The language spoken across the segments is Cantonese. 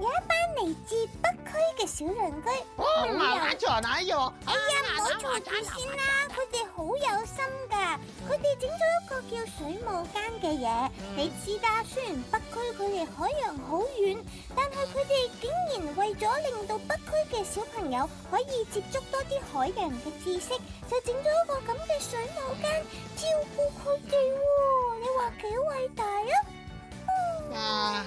有一班嚟自北區嘅小鄰居，哦，麻雀難養。哎呀，唔好嘈住先啦，佢哋好有心噶。佢哋整咗一個叫水母間嘅嘢，你知啦。雖然北區佢離海洋好遠，但係佢哋竟然為咗令到北區嘅小朋友可以接觸多啲海洋嘅知識，就整咗一個咁嘅水母間照顧佢哋。你話幾偉大啊？嗯啊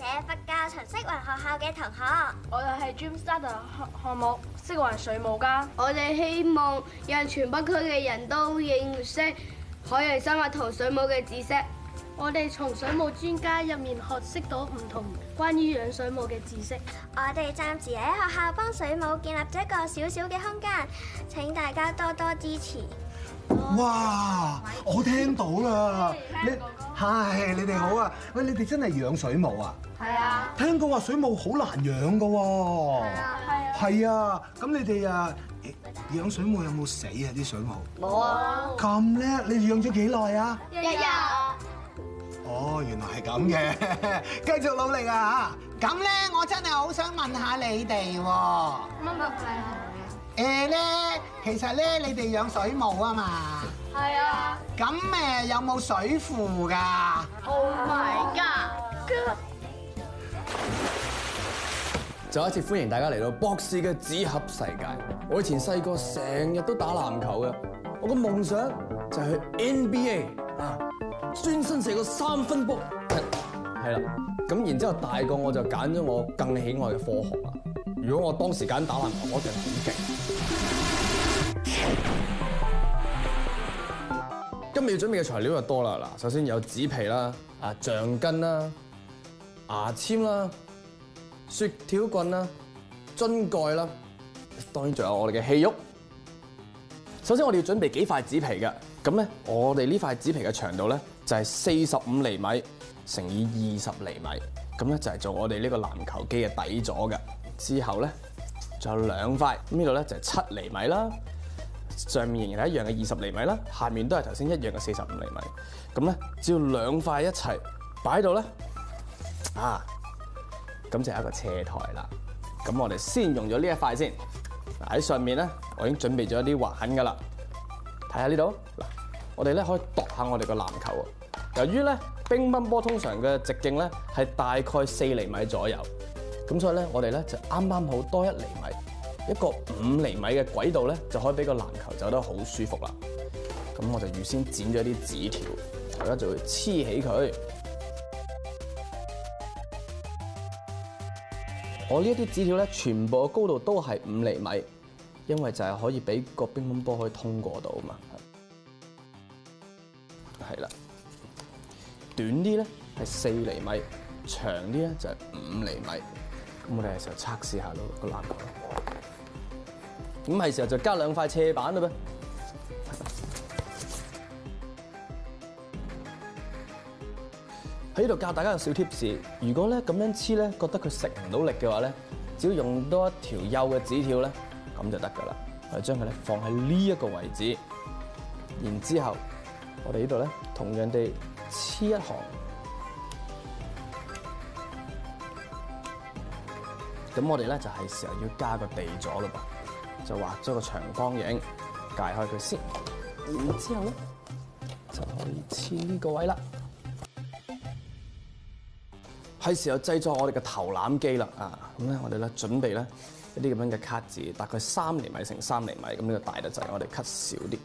係佛教陳式宏學校嘅同學，我是學，我哋係 Dream Starter 項目式宏水母間，我哋希望讓全北區嘅人都認識海洋生物同水母嘅知識。我哋從水母專家入面學識到唔同關於養水母嘅知識。我哋暫時喺學校幫水母建立咗一個小小嘅空間，請大家多多支持。哇，我聽到啦，你係你哋好啊？喂，你哋真係養水母啊？係啊，聽講話水母好難養㗎喎，係啊，係啊，咁你哋啊養水母有冇死啊啲水母？冇啊，咁叻，你養咗幾耐啊？一日。哦，原來係咁嘅，繼續努力啊吓！咁咧，我真係好想問下你哋喎。乜乜費啊？誒咧，其實咧，你哋養水母啊嘛？係啊。咁誒，有冇水庫㗎？Oh my god! 再一次歡迎大家嚟到博士嘅紙盒世界。我以前細個成日都打籃球嘅，我個夢想就係去 NBA 啊，專身射個三分波。係、啊、啦，咁然之後大個我就揀咗我更喜愛嘅科學啦。如果我當時揀打籃球，我一定好勁。今日要準備嘅材料就多啦。嗱，首先有紙皮啦、啊橡筋啦、牙籤啦。雪條棍啦、啊，樽蓋啦、啊，當然仲有我哋嘅戲肉。首先我哋要準備幾塊紙皮嘅，咁咧我哋呢塊紙皮嘅長度咧就係四十五厘米乘以二十厘米，咁咧就係做我哋呢個籃球機嘅底座嘅。之後咧仲有兩塊，咁呢度咧就係七厘米啦，上面仍然係一樣嘅二十厘米啦，下面都係頭先一樣嘅四十五厘米。咁咧只要兩塊一齊擺喺度咧，啊！咁就係一個斜台啦。咁我哋先用咗呢一塊先。喺上面咧，我已經準備咗一啲滑痕噶啦。睇下呢度，嗱，我哋咧可以度下我哋個籃球啊。由於咧乒乓波通常嘅直徑咧係大概四厘米左右，咁所以咧我哋咧就啱啱好多一厘米，一個五厘米嘅軌道咧就可以俾個籃球走得好舒服啦。咁我就預先剪咗啲紙條，大家就會黐起佢。我呢一啲紙條咧，全部嘅高度都係五厘米，因為就係可以俾個乒乓波可以通過到啊嘛。係啦，短啲咧係四厘米，長啲咧就係五厘米。咁我哋係時候測試下咯，個籃球。咁係時候就加兩塊斜板啦噃。喺呢度教大家個小貼士。如果咧咁樣黐咧，覺得佢食唔到力嘅話咧，只要用多一條幼嘅紙條咧，咁就得㗎啦。係將佢咧放喺呢一個位置，然之後我哋呢度咧同樣地黐一行，咁我哋咧就係時候要加個地咗咯噃，就畫咗個長方形，解開佢先，然之後咧就可以黐呢個位啦。係時候製作我哋嘅投籃機啦，啊咁咧，我哋咧準備咧一啲咁樣嘅卡紙，大概三厘米乘三厘米咁，呢個大得滯，就係我哋 cut 少啲，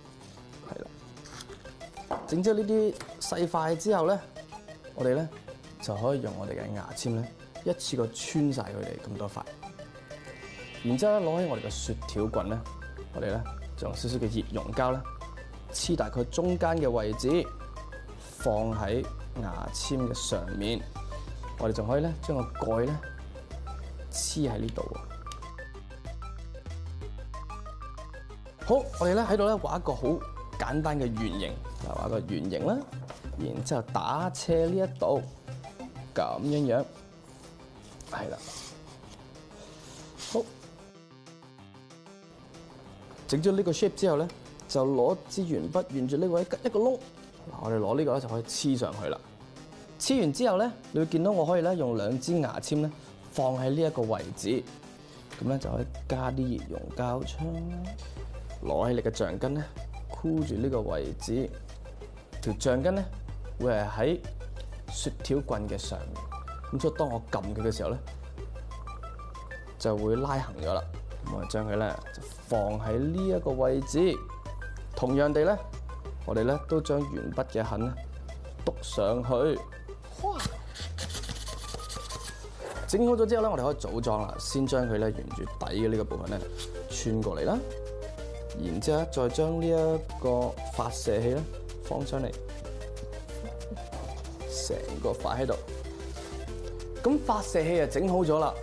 係咯。整咗呢啲細塊之後咧，我哋咧就可以用我哋嘅牙籤咧，一次過穿晒佢哋咁多塊。然之後咧攞起我哋嘅雪條棍咧，我哋咧就用少少嘅熱溶膠咧，黐大概中間嘅位置，放喺牙籤嘅上面。我哋仲可以咧，將個蓋咧黐喺呢度喎。好，我哋咧喺度咧畫一個好簡單嘅圓形，就畫個圓形啦。然之後打斜呢一度咁樣樣，係啦。好，整咗呢個 shape 之後咧，就攞支鉛筆沿住呢個位吉一個窿，嗱，我哋攞呢個咧就可以黐上去啦。黐完之後咧，你會見到我可以咧用兩支牙籤咧放喺呢一個位置，咁咧就可以加啲熱熔膠槍，攞起你嘅橡筋咧箍住呢個位置，條橡筋咧會係喺雪條棍嘅上面。咁所以當我撳佢嘅時候咧就會拉行咗啦。我哋將佢咧就放喺呢一個位置，同樣地咧，我哋咧都將鉛筆嘅痕咧篤上去。整好咗之後咧，我哋可以組裝啦。先將佢咧沿住底嘅呢個部分咧穿過嚟啦，然之後再將呢一個發射器咧放上嚟，成個擺喺度。咁發射器啊整好咗啦。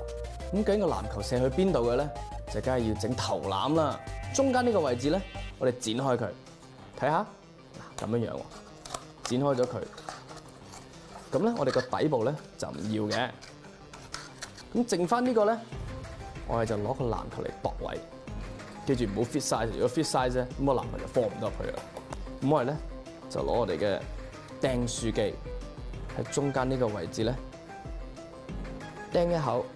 咁究竟個籃球射去邊度嘅咧？就梗係要整投籃啦。中間呢個位置咧，我哋剪開佢睇下，嗱咁樣樣剪開咗佢。咁咧，我哋個底部咧就唔要嘅。咁剩翻呢個咧，我哋就攞個籃球嚟度位，記住唔好 fit size，如果 fit size，咁個籃球就放唔到入去啦。咁我哋咧就攞我哋嘅釘書機喺中間呢個位置咧釘一口，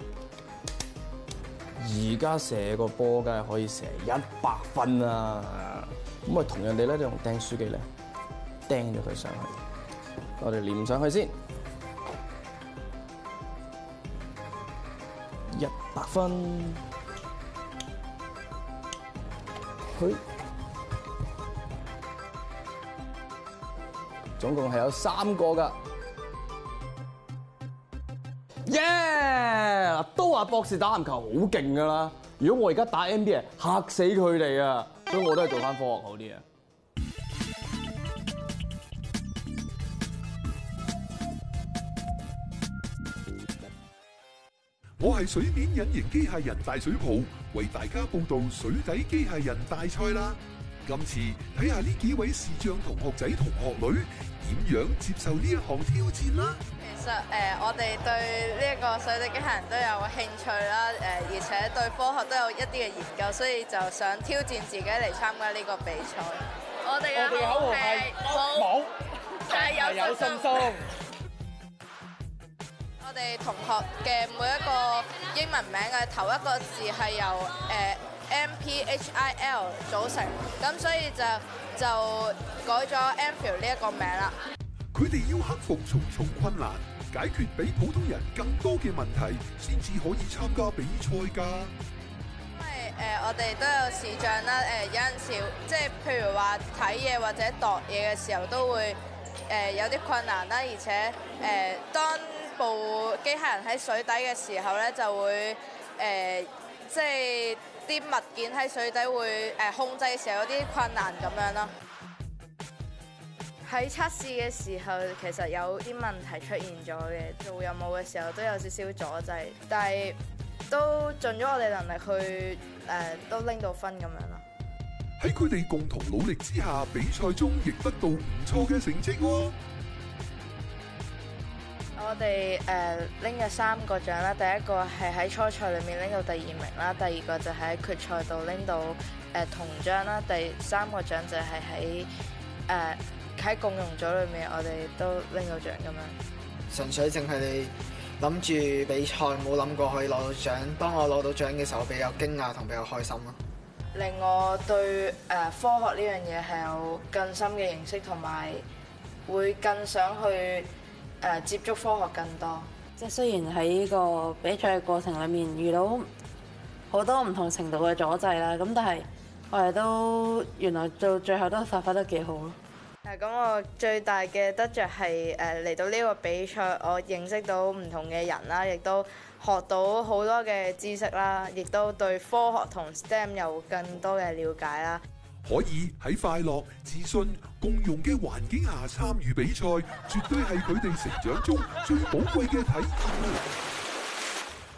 而家射個波梗係可以射一百分啊！咁啊同樣哋咧用釘書機咧釘咗佢上去，我哋連上去先。百分，佢總共係有三個㗎，耶！都話博士打籃球好勁㗎啦。如果我而家打 NBA，嚇死佢哋啊！所以我都係做返科學好啲啊。我係水面隱形機械人大水泡，為大家報道水底機械人大賽啦！今次睇下呢幾位視障同學仔、同學女點樣接受呢一項挑戰啦！其實誒，我哋對呢個水底機械人都有興趣啦，誒，而且對科學都有一啲嘅研究，所以就想挑戰自己嚟參加呢個比賽。我哋嘅口號係：冇，就有信心。我哋同學嘅每一個英文名嘅頭一個字係由誒、呃、M P H I L 組成，咁所以就就改咗 M Phil 呢一個名啦。佢哋要克服重重困難，解決比普通人更多嘅問題，先至可以參加比賽噶。因為誒、呃、我哋都有視障啦，誒、呃、有陣時即係譬如話睇嘢或者度嘢嘅時候都會誒、呃、有啲困難啦，而且誒、呃、當。部機械人喺水底嘅時候咧、呃，就會誒，即係啲物件喺水底會誒控制嘅時候有啲困難咁樣咯。喺測試嘅時候，其實有啲問題出現咗嘅，做任務嘅時候都有少少阻滯，但係都盡咗我哋能力去誒、呃，都拎到分咁樣咯。喺佢哋共同努力之下，比賽中亦得到唔錯嘅成績喎、哦。我哋誒拎咗三個獎啦，第一個係喺初賽裏面拎到第二名啦，第二個就係喺決賽度拎到誒銅獎啦，第三個獎就係喺誒喺共融組裏面我哋都拎到獎咁樣。純粹淨係你諗住比賽，冇諗過可以攞到獎。當我攞到獎嘅時候，我比較驚訝同比較開心咯。令我對誒科學呢樣嘢係有更深嘅認識，同埋會更想去。誒接觸科學更多，即係雖然喺呢個比賽嘅過程裏面遇到好多唔同程度嘅阻滯啦，咁但係我哋都原來到最後都發揮得幾好咯。咁、嗯，我最大嘅得着係誒嚟到呢個比賽，我認識到唔同嘅人啦，亦都學到好多嘅知識啦，亦都對科學同 STEM 有更多嘅了解啦。可以喺快樂、自信、共融嘅環境下參與比賽，絕對係佢哋成長中最寶貴嘅體驗。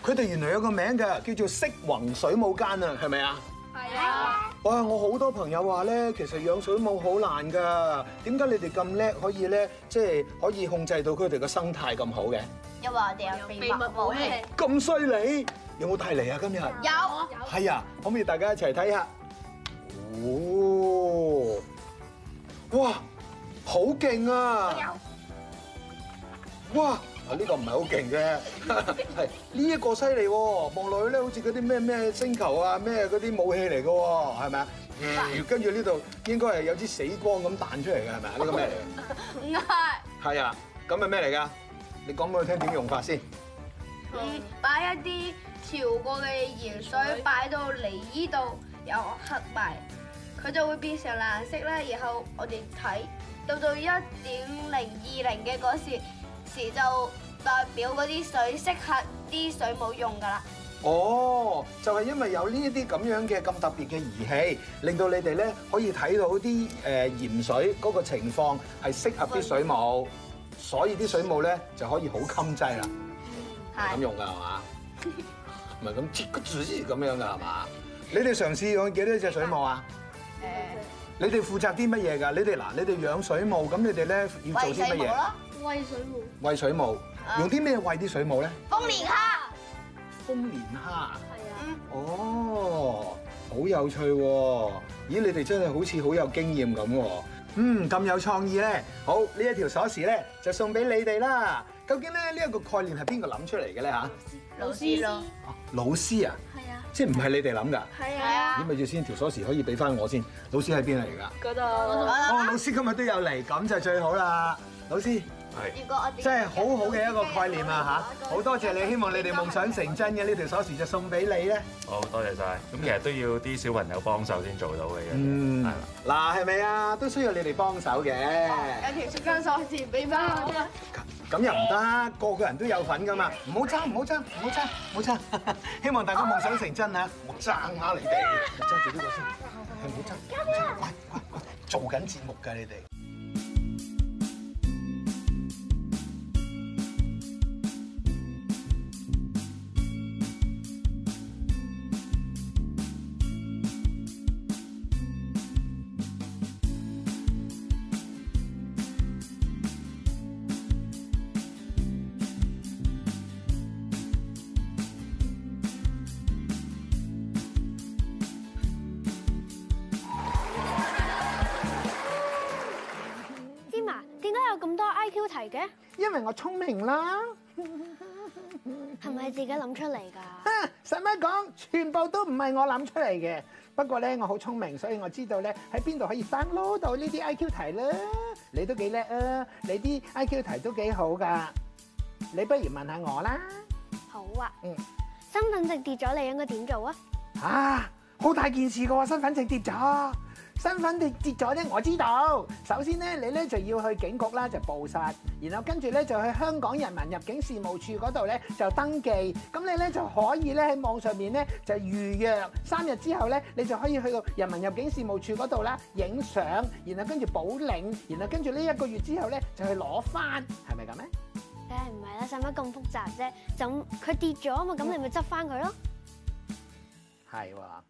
佢哋原來有個名嘅，叫做式宏水母間啊，係咪啊？係啊！哇，我好多朋友話咧，其實養水母好難噶。點解你哋咁叻，可以咧，即係可以控制到佢哋嘅生態咁好嘅？因為我哋有秘密武器。咁犀利？有冇帶嚟啊？今日有係啊，可唔可以大家一齊睇下？哦、啊這個，哇，好勁啊！哇，啊呢個唔係好勁嘅，係呢一個犀利喎！望落去咧，好似嗰啲咩咩星球啊，咩嗰啲武器嚟嘅喎，係咪啊？嗯，跟住呢度應該係有支死光咁彈出嚟嘅，係咪啊？呢、這個咩嚟？唔係。係啊，咁係咩嚟㗎？你講俾我聽點用法先。嗯，把一啲調過嘅鹽水擺到嚟依度，有黑埋。佢就會變成藍色啦，然後我哋睇到到一點零二零嘅嗰時時就代表嗰啲水適合啲水母用噶啦。哦，就係因為有呢一啲咁樣嘅咁特別嘅儀器，令到你哋咧可以睇到啲誒鹽水嗰個情況係適合啲水母，所以啲水母咧就可以好襟劑啦，係咁用噶係嘛？唔係咁切住咁樣噶係嘛？你哋嘗試用幾多隻水母啊？誒，你哋負責啲乜嘢㗎？你哋嗱，你哋養水母，咁你哋咧要做啲乜嘢？餵水母，餵水母。用啲咩餵啲水母咧？豐年蝦。豐年蝦。係啊。哦，好有趣喎！咦，你哋真係好似好有經驗咁喎。嗯，咁有創意咧。好，呢一條鎖匙咧就送俾你哋啦。究竟咧呢一個概念係邊個諗出嚟嘅咧嚇？老師咯。哦，老師啊。即係唔係你哋諗㗎？係啊，你咪要先條鎖匙可以俾翻我先。老師喺邊裏而家嗰度，哦，老師今日都有嚟，咁就最好喇，老師。即係好好嘅一個概念啊！嚇，好多謝你，希望你哋夢想成真嘅呢條鎖匙就送俾你咧。好多謝晒，咁其實都要啲小朋友幫手先做到嘅。嗯，係啦，嗱係咪啊？都需要你哋幫手嘅。有條鑽石鎖匙俾翻我啦。咁又唔得，個個人都有份噶嘛，唔好爭，唔好爭，唔好爭，唔好爭。希望大家夢想成真啊！唔好爭下你哋，爭住呢個先，唔好爭。做緊節目㗎，你哋。嘅，因為我聰明啦，係 咪自己諗出嚟㗎？使咩講？全部都唔係我諗出嚟嘅。不過咧，我好聰明，所以我知道咧喺邊度可以 download 到呢啲 IQ 題啦。你都幾叻啊！你啲 IQ 題都幾好㗎。你不如問下我啦。好啊。嗯。身份證跌咗，你應該點做啊？啊，好大件事㗎喎，身份證跌咗。身份你跌咗咧，我知道。首先咧，你咧就要去警局啦，就報失，然後跟住咧就去香港人民入境事務處嗰度咧就登記。咁你咧就可以咧喺網上面咧就預約，三日之後咧你就可以去到人民入境事務處嗰度啦影相，然後跟住補領，然後跟住呢一個月之後咧就去攞翻，係咪咁咧？梗係唔係啦，使乜咁複雜啫？就佢跌咗啊嘛，咁你咪執翻佢咯。係喎。